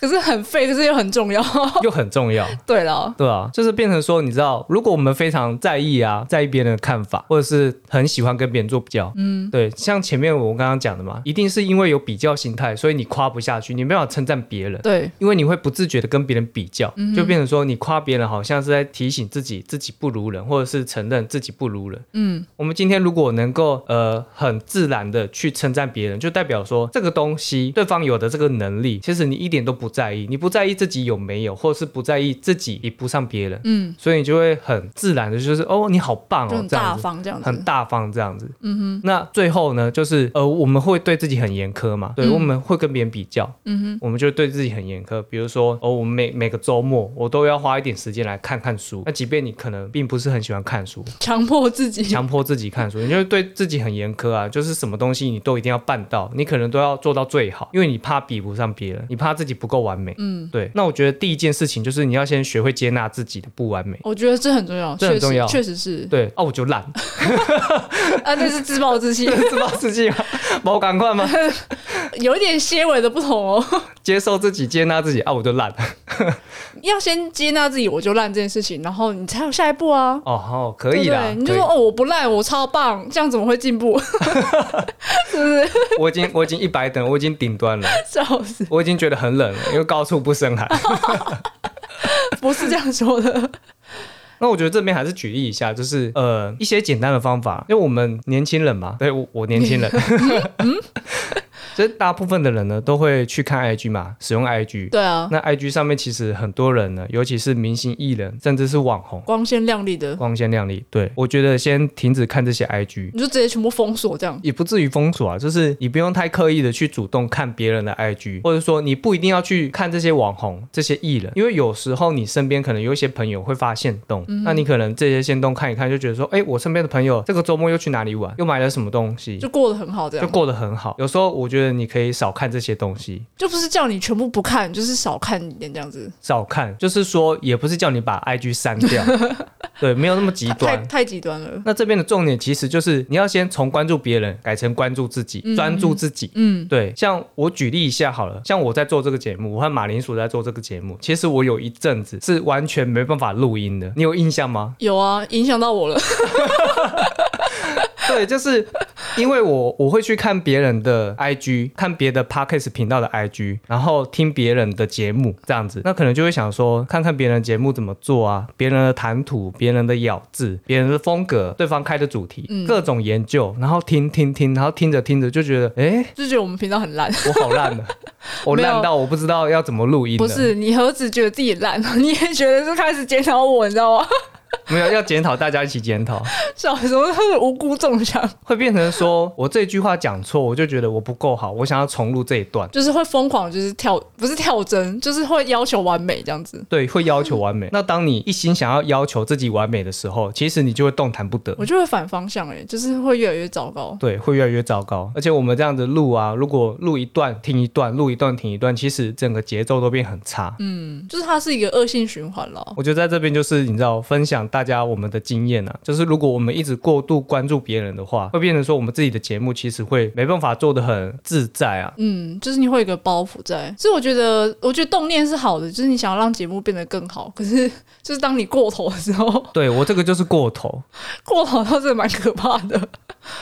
可是很廢，可是又很重要， 又很重要。 對了，對啊，就是變成說，你知道，如果我們非常在意啊，在意別人的看法，或者是很喜歡跟別人做比較，嗯，對，像前面我剛剛講的嘛，一定是因為有比較心態，所以你誇不下去，你沒辦法稱讚別人，對，因為你會不自覺的跟別人比較，嗯，就變成說你誇別人，好像是在提醒自己自己不如人，或者是承認自己不如人。嗯，我們今天如果能夠呃很自然的去稱讚別人，就代表說這個東西對方有的這個能力，其實你一點都不。在意，你不在意自己有沒有，或者是不在意自己比不上別人，嗯，所以你就會很自然的，就是哦，你好棒哦，大方這，這樣子，很大方這樣子，嗯哼。那最後呢，就是呃，我們會對自己很嚴苛嘛，對，我們會跟別人比較，嗯哼，我們就會對自己很嚴苛。嗯、比如說，哦、呃，我們每每個周末我都要花一點時間來看看書，那即便你可能並不是很喜歡看書，強迫自己，強迫自己看書， 你就對自己很嚴苛啊，就是什麼東西你都一定要辦到，你可能都要做到最好，因為你怕比不上別人，你怕自己不夠。不完美，嗯，對。那我覺得第一件事情就是你要先學會接納自己的不完美。我覺得這很重要，這很重要，確實，實是。對，哦、啊，我就爛， 啊，這是自暴自棄， 自暴自棄把我趕快嗎，嗎、嗯？有一點些微的不同哦。接受自己，接納自己，啊，我就爛。 要先接納自己，我就爛這件事情，然後你才有下一步啊。哦，好、哦，可以的。你就說哦，我不爛，我超棒，這樣怎麼會進步？ 是不是？我已經，我已經一百等，我已經頂端了，笑死，我已經覺得很冷了。因為高處不勝寒，不是這樣說的 。那我覺得這邊還是舉例一下，就是呃一些簡單的方法，因為我們年輕人,人嘛，對我年輕人。 嗯嗯其實大部分的人呢都會去看 IG 嘛，使用 IG。對啊，那 IG 上面其實很多人呢，尤其是明星藝人，甚至是網紅，光鮮亮麗的。光鮮亮麗，對，我覺得先停止看這些 IG。你就直接全部封鎖這樣？也不至於封鎖啊，就是你不用太刻意的去主動看別人的 IG，或者說你不一定要去看這些網紅、這些藝人，因為有時候你身邊可能有一些朋友會發限動、嗯、那你可能這些限動看一看，就覺得說，哎、欸，我身邊的朋友這個週末又去哪裡玩，又買了什麼東西，就過得很好，這樣就過得很好。有時候我覺得。你可以少看這些東西，就不是叫你全部不看，就是少看一點這樣子。少看就是說，也不是叫你把 IG 刪掉， 對，沒有那麼極端。太，太極端了。那這邊的重點其實就是，你要先從關注別人改成關注自己，專注自己，嗯，嗯。嗯，對。像我舉例一下好了，像我在做這個節目，我和馬鈴薯在做這個節目，其實我有一陣子是完全沒辦法錄音的，你有印象嗎？有啊，影響到我了。 對，就是因為我我會去看別人的 IG，看別的 Podcast 頻道的 IG，然後聽別人的節目這樣子，那可能就會想說，看看別人節目怎麼做啊，別人的談吐，別人的咬字，別人的風格，對方開的主題，嗯、各種研究，然後聽聽聽，然後聽着聽着就覺得，哎，就覺得我們頻道很爛， 我好爛的、啊，我爛到我不知道要怎麼錄音。不是，你何止覺得自己爛，你也覺得是開始減少我，你知道嗎？ 沒有要檢討，大家一起檢討。小時候特別無辜中槍，會變成說我這句話講錯，我就覺得我不夠好，我想要重錄這一段，就是會瘋狂，就是跳，不是跳針，就是會要求完美這樣子。對，會要求完美。 那當你一心想要要求自己完美的時候，其實你就會動彈不得。我就會反方向哎，就是會越來越糟糕。對，會越來越糟糕。而且我們這樣子錄啊，如果錄一段聽一段，錄一段聽一,一段，其實整個節奏都變很差。嗯，就是它是一個惡性循環了。我覺得在這邊就是你知道分享。大家我們的經驗啊，就是如果我們一直過度關注別人的話，會變成說我們自己的節目其實會沒辦法做得很自在啊。嗯，就是你會有一個包袱在。所以我覺得，我覺得動念是好的，就是你想要讓節目變得更好。可是，就是當你過頭的時候，對我這個就是過頭， 過頭倒是蠻可怕的。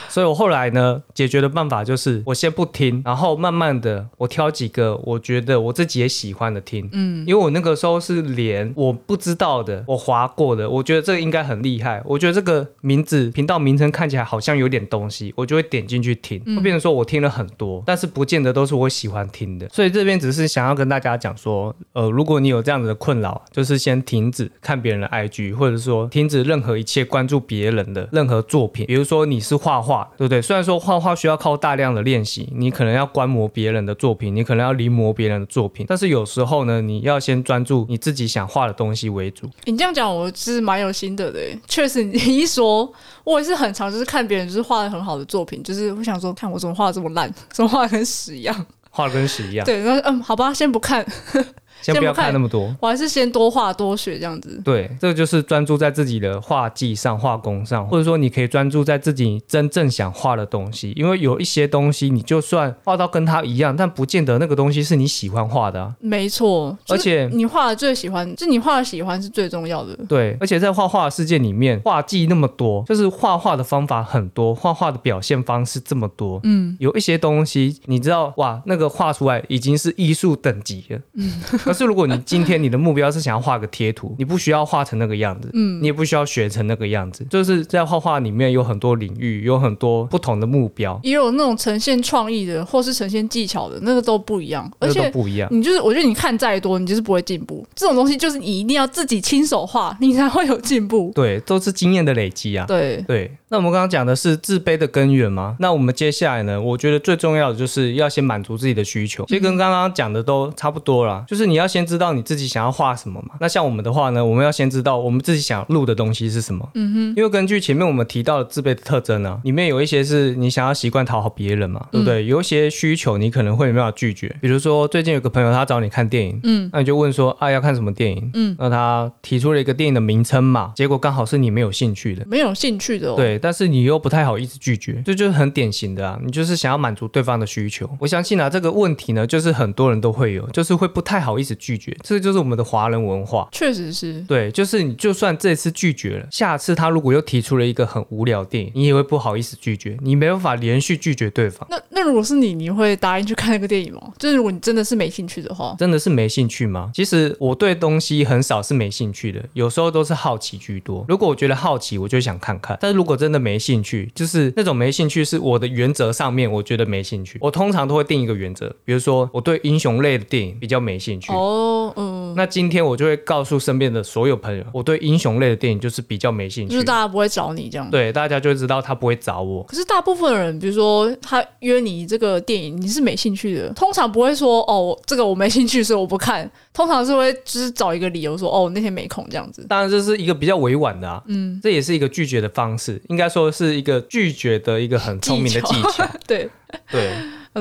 所以我後來呢，解決的辦法就是我先不聽，然後慢慢的我挑幾個我覺得我自己也喜歡的聽。嗯，因為我那個時候是連我不知道的，我滑過的我。覺得這個應該很厲害，我覺得這個名字，頻道名稱看起來好像有點東西，我就會點進去聽，會、嗯、變成說我聽了很多，但是不見得都是我喜歡聽的。所以這邊只是想要跟大家講說，呃，如果你有這樣子的困擾，就是先停止看別人的 IG，或者說停止任何一切關注別人的任何作品。比如說你是畫畫，對不對？雖然說畫畫需要靠大量的練習，你可能要觀摩別人的作品，你可能要臨摹別人的作品，但是有時候呢，你要先專注你自己想畫的東西為主。你這樣講，我是蠻。還有心得的。確實你一說，我也是很常就是看別人就是畫的很好的作品，就是我想說，看我怎麼畫的這麼爛，怎麼畫的跟屎一樣，畫的跟屎一樣，對那，嗯，好吧，先不看。 先不要看那麼多，我還是先多畫多學這樣子。對，這個就是專注在自己的畫技上、畫工上，或者說你可以專注在自己真正想畫的東西。因為有一些東西，你就算畫到跟它一樣，但不見得那個東西是你喜歡畫的啊。沒錯，而且你畫的最喜歡，就你畫的喜歡是最重要的。對，而且在畫畫的世界裡面，畫技那麼多，就是畫畫的方法很多，畫畫的表現方式這麼多。嗯，有一些東西你知道，哇，那個畫出來已經是藝術等級了。嗯可是如果你今天你的目標是想要畫個貼圖，你不需要畫成那個樣子，嗯，你也不需要學成那個樣子。就是在畫畫裡面有很多領域，有很多不同的目標，也有那種呈現創意的，或是呈現技巧的、那個、那個都不一樣，而且不一樣。你就是我覺得你看再多，你就是不會進步。這種東西就是你一定要自己親手畫，你才會有進步。對，都是經驗的累積啊。對對。那我們剛剛講的是自卑的根源嗎？那我們接下來呢？我覺得最重要的就是要先滿足自己的需求，其實跟剛剛講的都差不多啦、嗯，就是你要。你要先知道你自己想要畫什麼嘛？那像我們的話呢，我們要先知道我們自己想錄的東西是什麼。嗯哼。因為根據前面我們提到的自卑的特徵呢、啊，裡面有一些是你想要習慣討好別人嘛，對不對、嗯？有一些需求你可能會沒辦法拒絕。比如說最近有個朋友他找你看電影，嗯，那你就問說啊要看什麼電影？嗯，那他提出了一個電影的名稱嘛，結果剛好是你沒有興趣的，沒有興趣的、哦。對，但是你又不太好意思拒絕，這就，就是很典型的啊，你就是想要滿足對方的需求。我相信啊這個問題呢，就是很多人都會有，就是會不太好意。拒絕，這個就是我們的華人文化。確實是，對，就是你就算這次拒絕了，下次他如果又提出了一個很無聊的電影，你也會不好意思拒絕，你沒有辦法連續拒絕對方。那那如果是你，你會答應去看那個電影嗎？就是如果你真的是沒興趣的話？真的是沒興趣嗎？其實我對東西很少是沒興趣的，有時候都是好奇居多。如果我覺得好奇，我就想看看；但是如果真的沒興趣，就是那種沒興趣是我的原則上面，我覺得沒興趣。我通常都會定一個原則，比如說我對英雄類的電影比較沒興趣。哦哦，嗯，那今天我就會告訴身邊的所有朋友，我對英雄類的電影就是比較沒興趣，就是大家不會找你這樣。對，大家就會知道他不會找我。可是大部分的人，比如說他約你這個電影，你是沒興趣的，通常不會說哦，這個我沒興趣，所以我不看。通常是會就是找一個理由說哦，那天沒空這樣子。當然這是一個比較委婉的啊，嗯，這也是一個拒絕的方式，應該說是一個拒絕的一個很聰明的技巧，對 對。對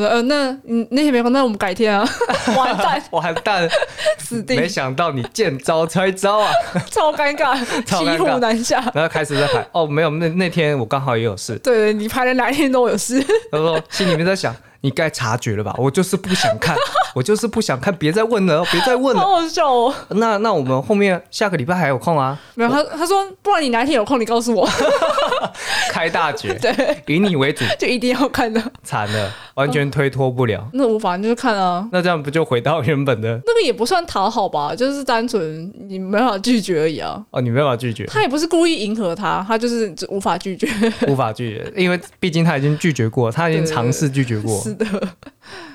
呃，那嗯，那天沒空，那我們改天啊。完蛋， 完蛋，死定！沒想到你見招拆招啊，超尷尬，騎虎難下。然後開始在喊： 「哦，沒有，那那天我剛好也有事。對，你拍了哪一天都有事。他說心裡面在想，你該察覺了吧？我就是不想看， 我就是不想看，別再問了，別再問了，好笑哦。那那我們後面下個禮拜還有空啊？沒有，他他說不然你哪天有空你告訴我。 開大絕，對，以你為主，就一定要看的，慘了。完全推脫不了，哦、那我反正就是看啊。那這樣不就回到原本的？那個也不算討好吧，就是單純你沒辦法拒絕而已啊。哦，你沒辦法拒絕。他也不是故意迎合他，他就是無法拒絕。無法拒絕， 因為畢竟他已經拒絕過，他已經嘗試拒絕過。是的。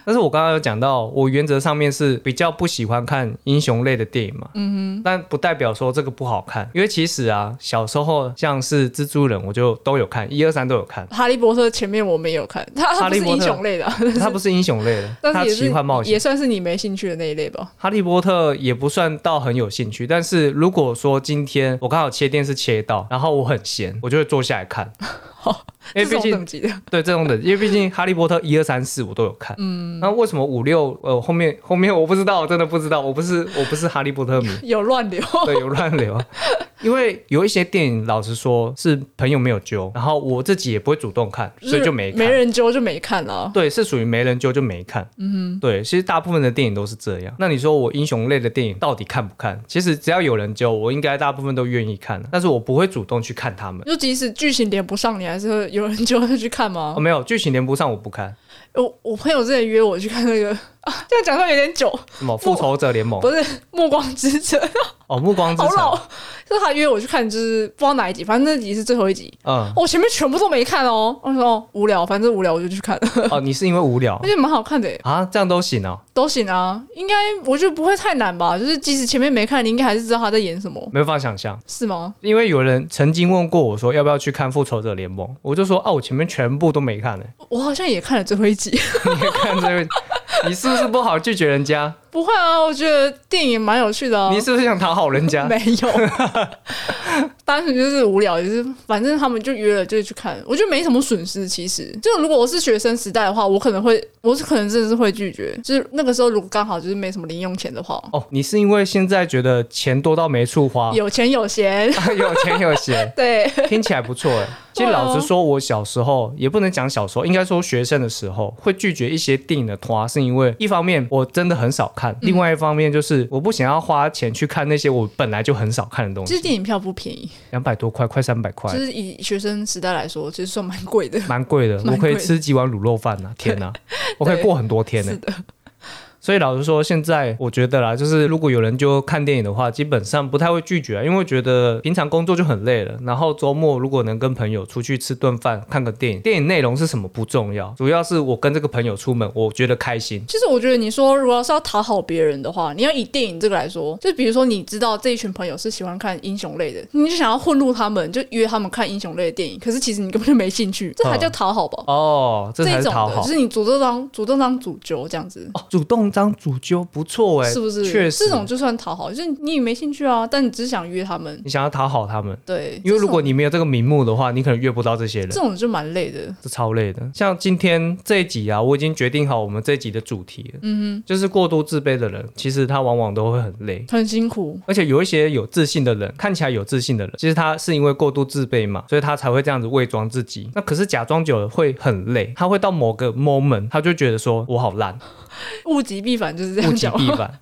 但是我剛剛有講到，我原則上面是比較不喜歡看英雄類的電影嘛。嗯哼。但不代表說這個不好看，因為其實啊，小時候像是蜘蛛人，我就都有看，一二三都有看。哈利波特前面我沒有看，他他哈利波特是英雄類。他不是英雄類的，但是是他奇幻冒險，也算是你沒興趣的那一類吧。哈利波特也不算到很有興趣，但是如果說今天我剛好切電視切到，然後我很閒，我就會坐下來看。哦、因為畢竟對這種等級的對這種等級，因為畢竟哈利波特一二三四我都有看，嗯，那、啊、為什麼五六呃，後面後面我不知道，我真的不知道，我不是我不是哈利波特迷，有亂流，對，有亂流。 因為有一些電影，老實說，是朋友沒有揪，然後我自己也不會主動看，所以就沒看，沒人揪就沒看了。對，是屬於沒人揪就沒看。嗯哼，對，其實大部分的電影都是這樣。那你說我英雄類的電影到底看不看？其實只要有人揪，我應該大部分都願意看，但是我不會主動去看他們。就即使劇情連不上，你還是有人揪去看嗎？哦，沒有，劇情連不上，我不看。我我朋友之前約我去看那個。啊，這樣講說有點久。什麼？復仇者聯盟？ 不是，暮光之城。哦，暮光之城。好老，是他約我去看，就是不知道哪一集，反正那集是最後一集。嗯，哦、我前面全部都沒看哦。我說、哦、無聊，反正無聊我就去看了。哦，你是因為無聊？而且蠻好看的啊，這樣都行哦，都行啊，應該我覺得不會太難吧。就是即使前面沒看，你應該還是知道他在演什麼。沒有辦法想像，是嗎？因為有人曾經問過我說要不要去看復仇者聯盟，我就說哦、啊，我前面全部都沒看呢。我好像也看了最後一集。 你也看了最後一集。 你是不是不好、呃、拒絕人家？不會啊，我覺得電影蠻有趣的、啊。你是不是想討好人家？ 沒有，當 時就是無聊，就是反正他們就約了，就去看。我覺得沒什麼損失。其實，就如果我是學生時代的話，我可能會，我是可能真的是會拒絕。就是那個時候，如果剛好就是沒什麼零用錢的話，哦，你是因為現在覺得錢多到沒處花？有錢有閒， 有錢有閒， 對，聽起來不錯。其實老實說，我小時候也不能講小時候，應該說學生的時候會拒絕一些電影的團，是因為。因為一方面我真的很少看，另外一方面就是我不想要花錢去看那些我本來就很少看的東西。其實電影票不便宜，兩百多塊，快三百塊。就是以學生時代來說，其實算蠻貴的，蠻貴的。我可以吃幾碗滷肉飯啊，天啊，我可以過很多天呢。 所以老實說，現在我覺得啦，就是如果有人就看電影的話，基本上不太會拒絕，啊，因為覺得平常工作就很累了。然後周末如果能跟朋友出去吃頓飯、看個電影，電影內容是什麼不重要，主要是我跟這個朋友出門，我覺得開心。其實我覺得你說如果是要討好別人的話，你要以電影這個來說，就比如說你知道這一群朋友是喜歡看英雄類的，你就想要混入他們，就約他們看英雄類的電影。可是其實你根本就沒興趣，這還叫討好吧？嗯、哦，這才是討好，這種的，就是你主動當主動當主角這樣子，哦、主動。張主揪不錯哎、欸，是不是？確實，這種就算討好，就是你也沒興趣啊。但你只想約他們，你想要討好他們。對，因為如果你沒有這個名目的話，你可能約不到這些人。這種就蠻累的，是超累的。像今天這一集啊，我已經決定好我們這一集的主題了。嗯哼，就是過度自卑的人，其實他往往都會很累，很辛苦。而且有一些有自信的人，看起來有自信的人，其實他是因為過度自卑嘛，所以他才會這樣子偽裝自己。那可是假裝久了會很累，他會到某個 moment，他就覺得說我好爛。物極必反就是這樣講嘛。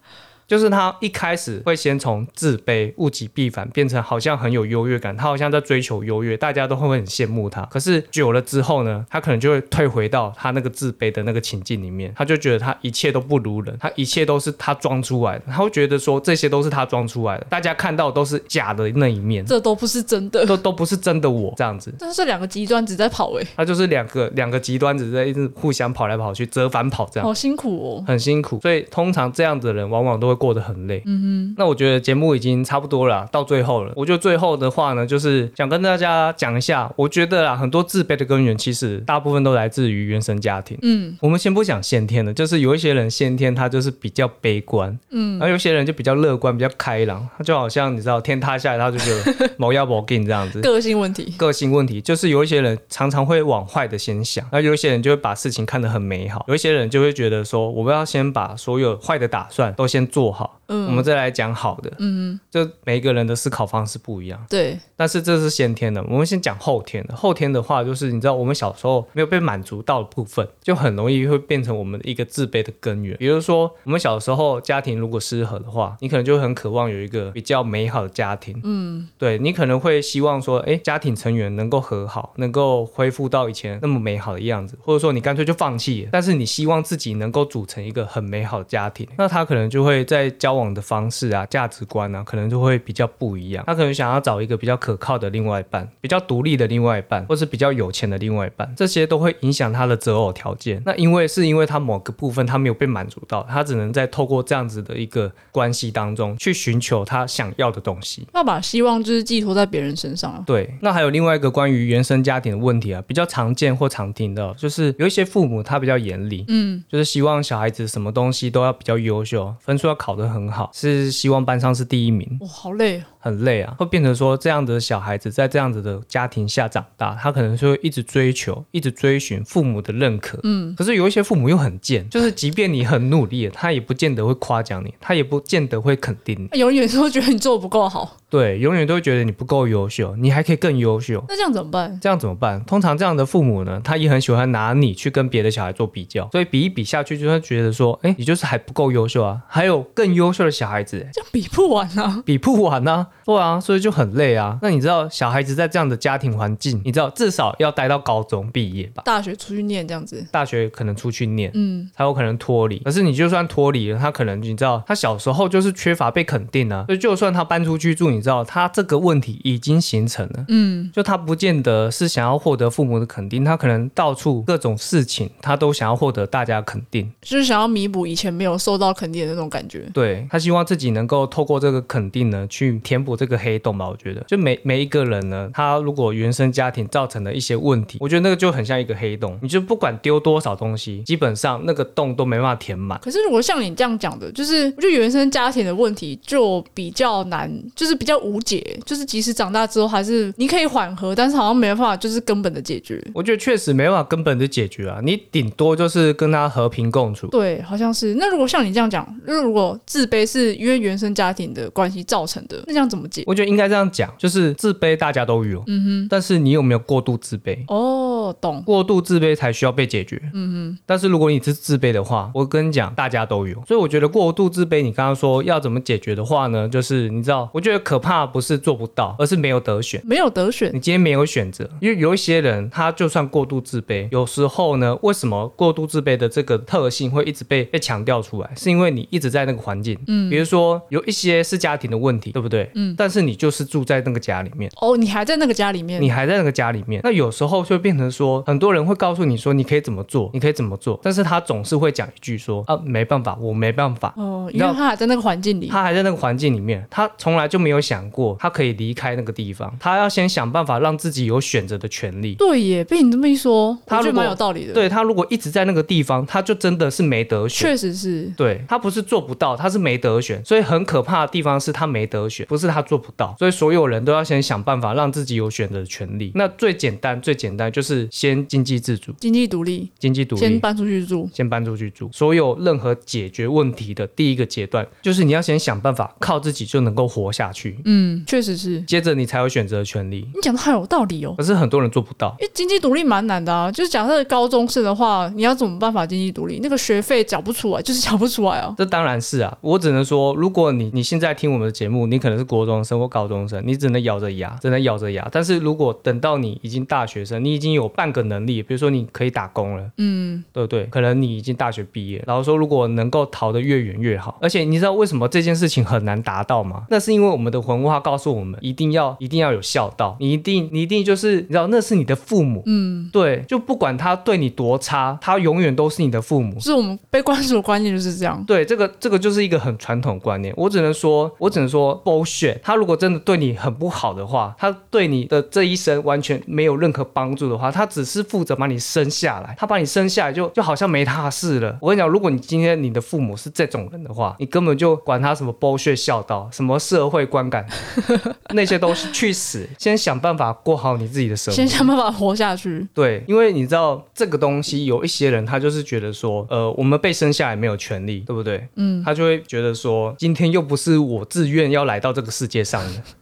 就是他一開始會先從自卑，物極必反，變成好像很有優越感，他好像在追求優越，大家都會很羨慕他。可是久了之後呢，他可能就會退回到他那個自卑的那個情境裡面，他就覺得他一切都不如人，他一切都是他裝出來的，他會覺得說這些都是他裝出來的，大家看到都是假的那一面，這都不是真的，都都不是真的我。我這樣子，但是這是兩個極端子在跑誒、欸，他就是兩個兩個極端子在一直互相跑來跑去，折返跑這樣子，好辛苦哦，很辛苦。所以通常這樣子的人往往都會。過得很累，嗯嗯。那我覺得節目已經差不多了啦，到最後了，我就最後的話呢，就是想跟大家講一下，我覺得啦，很多自卑的根源，其實大部分都來自於原生家庭，嗯，我們先不講先天的，就是有一些人先天他就是比較悲觀，嗯，然後有些人就比較樂觀，比較開朗，他就好像你知道天塌下來，他就覺得無要無緊這樣子，個性問題，個性問題，就是有一些人常常會往壞的先想，然後有一些人就會把事情看得很美好，有一些人就會覺得說，我要先把所有壞的打算都先做。好，嗯，我們再來講好的，嗯，就每一個人的思考方式不一樣，對，但是這是先天的，我們先講後天的。後天的話，就是你知道，我們小時候沒有被滿足到的部分，就很容易會變成我們一個自卑的根源。比如說，我們小時候家庭如果失和的話，你可能就很渴望有一個比較美好的家庭，嗯，對你可能會希望說，哎、欸，家庭成員能夠和好，能夠恢復到以前那麼美好的樣子，或者說你乾脆就放棄，但是你希望自己能夠組成一個很美好的家庭，那他可能就會。在交往的方式啊、價值觀啊，可能就會比較不一樣。他可能想要找一個比較可靠的另外一半、比較獨立的另外一半，或是比較有錢的另外一半，這些都會影響他的擇偶條件。那因為是因為他某個部分他沒有被滿足到，他只能在透過這樣子的一個關係當中去尋求他想要的東西。那把希望就是寄託在別人身上、啊、對。那還有另外一個關於原生家庭的問題啊，比較常見或常聽的就是有一些父母他比較嚴厲，嗯，就是希望小孩子什麼東西都要比較優秀，分數要考得很好，是希望班上是第一名。哇、哦，好累、啊，很累啊！會變成說，這樣的小孩子在這樣子的家庭下長大，他可能就會一直追求，一直追尋父母的認可。嗯，可是有一些父母又很賤，就是即便你很努力，他也不見得會誇獎你，他也不見得會肯定你。啊、永遠都會覺得你做得不夠好，對，永遠都會覺得你不夠優秀，你還可以更優秀。那這樣怎麼辦？這樣怎麼辦？通常這樣的父母呢，他也很喜歡拿你去跟別的小孩做比較，所以比一比下去，就會覺得說，哎、欸，你就是還不夠優秀啊，還有。更優秀的小孩子，欸，這樣比不完啊，比不完啊，對啊，所以就很累啊。那你知道小孩子在這樣的家庭環境，你知道至少要待到高中畢業吧？大學出去念這樣子，大學可能出去念，嗯，才有可能脫離。可是你就算脫離了，他可能你知道，他小時候就是缺乏被肯定啊，所以就算他搬出去住，你知道，他這個問題已經形成了，嗯，就他不見得是想要獲得父母的肯定，他可能到處各種事情，他都想要獲得大家的肯定，就是想要彌補以前沒有受到肯定的那種感覺。對，他希望自己能夠透過這個肯定呢，去填補這個黑洞吧。我覺得，就每每一個人呢，他如果原生家庭造成了一些問題，我覺得那個就很像一個黑洞，你就不管丟多少東西，基本上那個洞都沒辦法填滿。可是如果像你這樣講的，就是我覺得原生家庭的問題就比較難，就是比較無解，就是即使長大之後還是你可以緩和，但是好像沒辦法就是根本的解決。我覺得確實沒辦法根本的解決啊，你頂多就是跟他和平共處。對，好像是。那如果像你這樣講，如果自卑是因為原生家庭的關係造成的，那這樣怎麼解？我覺得應該這樣講，就是自卑大家都有，嗯哼，但是你有沒有過度自卑？哦，懂，過度自卑才需要被解決，嗯哼。但是如果你是自卑的話，我跟你講，大家都有，所以我覺得過度自卑，你剛剛說要怎麼解決的話呢？就是你知道，我覺得可怕不是做不到，而是沒有得選，沒有得選，你今天沒有選擇，因為有一些人他就算過度自卑，有時候呢，為什麼過度自卑的這個特性會一直被被強調出來？是因為你一直在那個。環境，嗯，比如說有一些是家庭的問題，對不對？嗯，但是你就是住在那個家裡面。哦，你還在那個家裡面，你還在那個家裡面。那有時候就變成說，很多人會告訴你說，你可以怎麼做，你可以怎麼做。但是他總是會講一句說，啊，沒辦法，我沒辦法。哦，因為他還在那個環境裡，他還在那個環境裡面，他從來就沒有想過他可以離開那個地方。他要先想辦法讓自己有選擇的權利。對耶，被你這麼一說，他蠻有道理的。對，他如果一直在那個地方，他就真的是沒得選。確實是。對，他不是做不到。他是沒得選，所以很可怕的地方是他沒得選，不是他做不到，所以所有人都要先想辦法讓自己有選擇的權利。那最簡單、最簡單就是先經濟自主、經濟獨立、經濟獨立，先搬出去住，先搬出去住。所有任何解決問題的第一個階段，就是你要先想辦法靠自己就能夠活下去。嗯，確實是。接着你才有選擇的權利。你講的很有道理哦，可是很多人做不到。因為經濟獨立蠻難的啊，就是假設高中生的話，你要怎麼辦法經濟獨立？那個學費繳不出來，就是繳不出來哦，這當然是啊。我只能說，如果你你現在聽我們的節目，你可能是國中生或高中生，你只能咬着牙，只能咬着牙。但是如果等到你已經大學生，你已經有半個能力，比如說你可以打工了，嗯，對不對？可能你已經大學畢業，然後說如果能夠逃得越遠越好。而且你知道為什麼這件事情很難達到嗎？那是因為我們的文化告訴我們，一定要一定要有孝道，你一定你一定就是你知道那是你的父母，嗯，對，就不管他對你多差，他永遠都是你的父母。是我們被灌輸的觀念就是這樣。對，這個這個就是。就是一個很傳統觀念，我只能說，我只能說 bullshit。他如果真的對你很不好的話，他對你的這一生完全沒有任何幫助的話，他只是負責把你生下來。他把你生下來就就好像沒他事了。我跟你講，如果你今天你的父母是這種人的話，你根本就管他什麼 bullshit 孝道，什麼社會觀感 那些都是去死！先想辦法過好你自己的生活，先想辦法活下去。對，因為你知道這個東西，有一些人他就是覺得說，呃，我們被生下來沒有權利，對不對？嗯，他就。就會覺得說，今天又不是我自願要來到這個世界上的。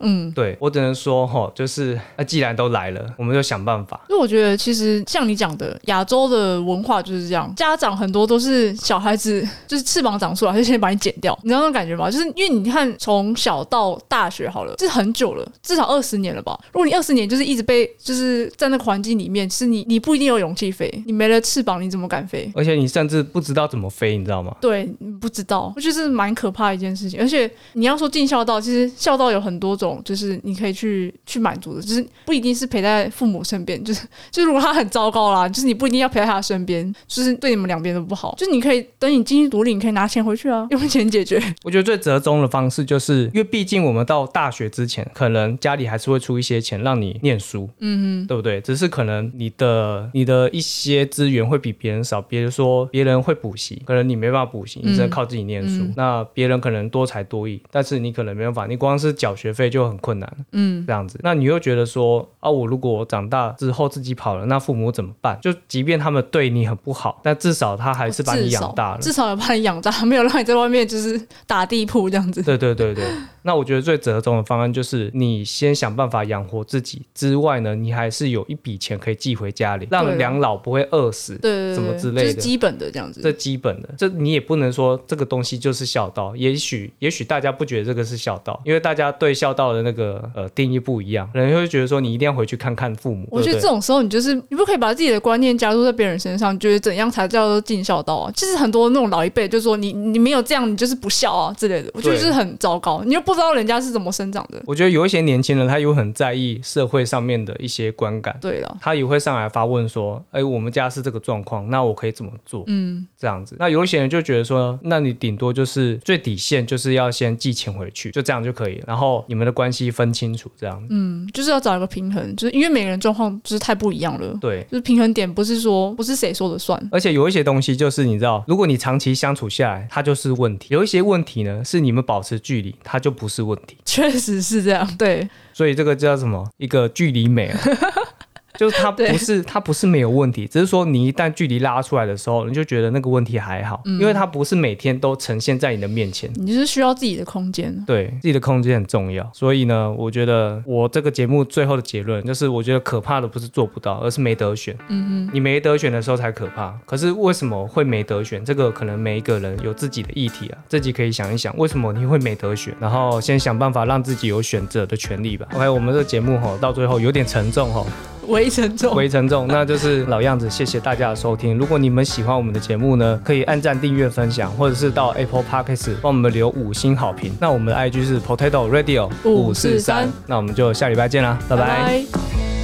嗯，對我只能說哈、哦，就是那既然都來了，我們就想辦法。因為我覺得其實像你講的，亞洲的文化就是這樣，家長很多都是小孩子就是翅膀長出來就先把你剪掉，你知道那種感覺嗎？就是因為你看從小到大學好了，這很久了，至少二十年了吧。如果你二十年就是一直被，就是在那個環境裡面，是你你不一定有勇氣飛，你沒了翅膀你怎麼敢飛？而且你甚至不知道怎麼飛，你知道嗎？對，不知道，就是蠻可怕的一件事情。而且你要說盡孝道，其實孝道有很多種。就是你可以去去滿足的，就是不一定是陪在父母身邊，就是就如果他很糟糕啦，就是你不一定要陪在他身邊，就是對你們兩邊都不好。就是你可以等你經濟獨立，你可以拿錢回去啊，用錢解決。我覺得最折中的方式就是，因為畢竟我們到大學之前，可能家裡還是會出一些錢讓你念書，嗯嗯，對不對？只是可能你的你的一些資源會比別人少，比如說別人會補習，可能你沒辦法補習，你只能靠自己念書。嗯、那別人可能多才多藝，但是你可能沒辦法，你光是繳學費就就很困難，嗯，這樣子，那你又覺得說啊、哦，我如果長大之後自己跑了，那父母怎麼辦？就即便他們對你很不好，但至少他還是把你養大了至，至少有把你養大，沒有讓你在外面就是打地鋪這樣子。對對對對。 那我覺得最折中的方案就是，你先想辦法養活自己之外呢，你還是有一筆錢可以寄回家裡，讓兩老不會餓死，對對對對對，什麼之類的。最、就是、基本的這樣子。這基本的，這你也不能說這個東西就是孝道。也許也許大家不覺得這個是孝道，因為大家對孝道的那個呃定義不一樣，人會覺得說你一定要回去看看父母。我覺得這種時候你就是你不可以把自己的觀念加入在別人身上，你覺得怎樣才叫做盡孝道啊？其實很多那種老一輩就是說你你沒有這樣你就是不孝啊之類的，我覺得這是很糟糕，你又不。不知道人家是怎麼生長的。我覺得有一些年輕人，他又很在意社會上面的一些觀感。對了，他也會上來發問說：“哎，我們家是這個狀況，那我可以怎麼做？”嗯，這樣子。那有一些人就覺得說：“那你頂多就是最底線，就是要先寄錢回去，就這樣就可以。然後你們的關係分清楚，這樣子。嗯，就是要找一個平衡，就是因為每個人狀況就是太不一樣了。對，就是平衡點不是說不是誰說了算。而且有一些東西就是你知道，如果你長期相處下來，它就是問題。有一些問題呢，是你們保持距離，它就。不是問題，確實是這樣。對，所以這個叫什麼？一個距離美、啊。 就是它不是他不是沒有問題，只是說你一旦距離拉出來的時候，你就覺得那個問題還好，嗯、因為他不是每天都呈現在你的面前。你就是需要自己的空間，對自己的空間很重要。所以呢，我覺得我這個節目最後的結論就是，我覺得可怕的不是做不到，而是沒得選。嗯嗯，你沒得選的時候才可怕。可是為什麼會沒得選？這個可能每一個人有自己的議題啊，自己可以想一想為什麼你會沒得選，然後先想辦法讓自己有選擇的權利吧。OK，我們這個節目吼到最後有點沉重吼。我。回沉重，重， 那就是老樣子。謝謝大家的收聽。如果你們喜歡我們的節目呢，可以按贊、訂閱、分享，或者是到 Apple Podcast 幫我們留五星好評。那我們的 I G 是 Potato Radio 五四三，那我們就下禮拜見啦，拜拜。拜拜。